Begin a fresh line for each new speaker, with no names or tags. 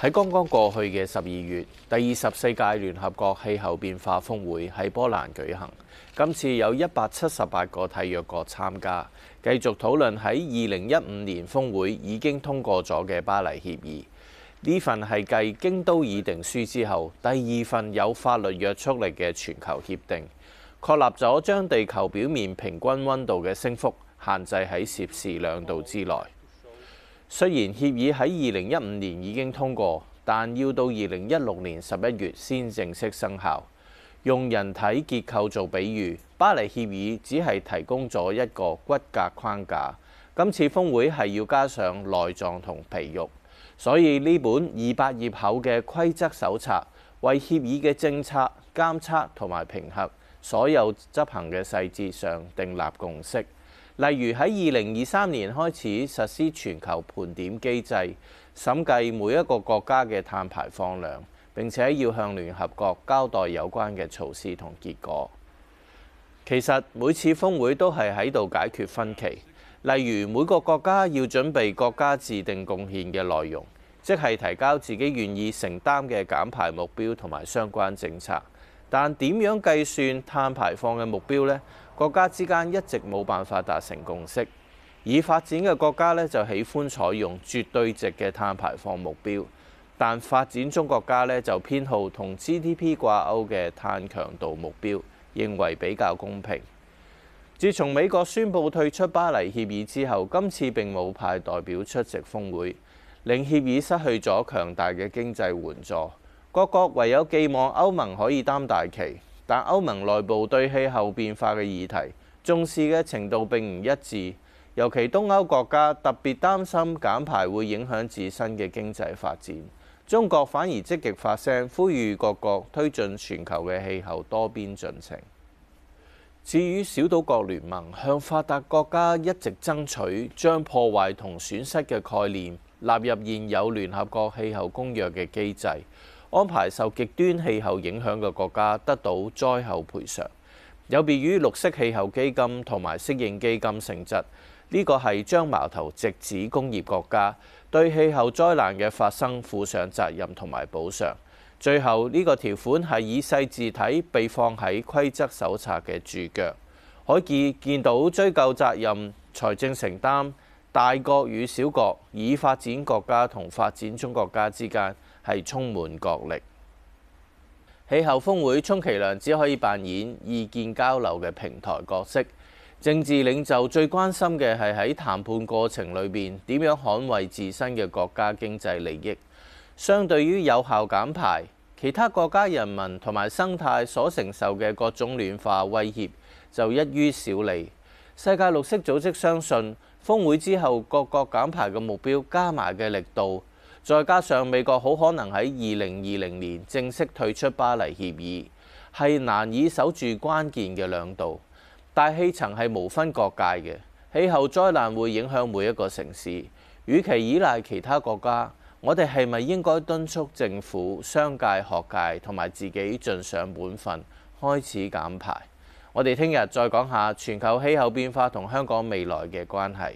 喺剛剛過去嘅十二月，第二十四屆聯合國氣候變化峰會喺波蘭舉行。今次有一百七十八個締約國參加，繼續討論喺二零一五年峰會已經通過咗嘅《巴黎協議》。呢份係繼《京都議定書》之後第二份有法律約束力嘅全球協定，確立咗將地球表面平均溫度嘅升幅限制喺攝氏兩度之內。雖然協議喺二零一五年已經通過，但要到二零一六年十一月先正式生效。用人體結構做比喻，巴黎協議只係提供咗一個骨骼框架。今次峰會係要加上內臟同皮肉，所以呢本二百頁厚嘅規則手冊，為協議嘅政策監測同埋評核所有執行嘅細節上訂立共識。例如喺二零二三年開始實施全球盤點機制，審計每一個國家嘅碳排放量，並且要向聯合國交代有關嘅措施同結果。其實每次峰會都係喺度解決分歧，例如每個國家要準備國家自定貢獻嘅內容，即係提交自己願意承擔嘅減排目標同埋相關政策。但點樣計算碳排放嘅目標呢？國家之間一直冇辦法達成共識，已發展嘅國家呢，就喜歡採用絕對值嘅碳排放目標，但發展中國家呢，就偏好同 GDP 掛鈎嘅碳強度目標，認為比較公平。自從美國宣布退出巴黎協議之後，今次並冇派代表出席峰會，令協議失去咗強大嘅經濟援助，各國唯有寄望歐盟可以擔大旗。但歐盟內部對氣候變化嘅議題重視嘅程度並唔一致，尤其東歐國家特別擔心減排會影響自身嘅經濟發展。中國反而積極發聲，呼籲各國推進全球嘅氣候多邊進程。至於小島國聯盟向發達國家一直爭取將破壞同損失嘅概念納入現有聯合國氣候公約嘅機制。安排受極端氣候影響嘅國家得到災後賠償，有別於綠色氣候基金同埋適應基金性質。呢個係將矛頭直指工業國家，對氣候災難嘅發生負上責任同埋補償。最後呢個條款係以細字體被放喺規則手冊嘅注腳，可以見到追究責任、財政承擔。大國與小國已發展國家同發展中國家之間，係充滿角力。氣候峰會充其量只可以扮演意見交流嘅平台角色。政治領袖最關心嘅係喺談判過程裏邊點樣捍衛自身嘅國家經濟利益。相對於有效減排，其他國家人民同埋生態所承受嘅各種暖化威脅，就一於少理。世界綠色組織相信，峰會之後，各國減排嘅目標加埋嘅力度，再加上美國好可能喺二零二零年正式退出巴黎協議，係難以守住關鍵嘅兩度。大氣層係無分國界嘅，氣候災難會影響每一個城市。與其依賴其他國家，我哋係咪應該敦促政府、商界、學界同埋自己盡上本分，開始減排？我哋聽日再講下全球氣候變化同香港未來嘅關係。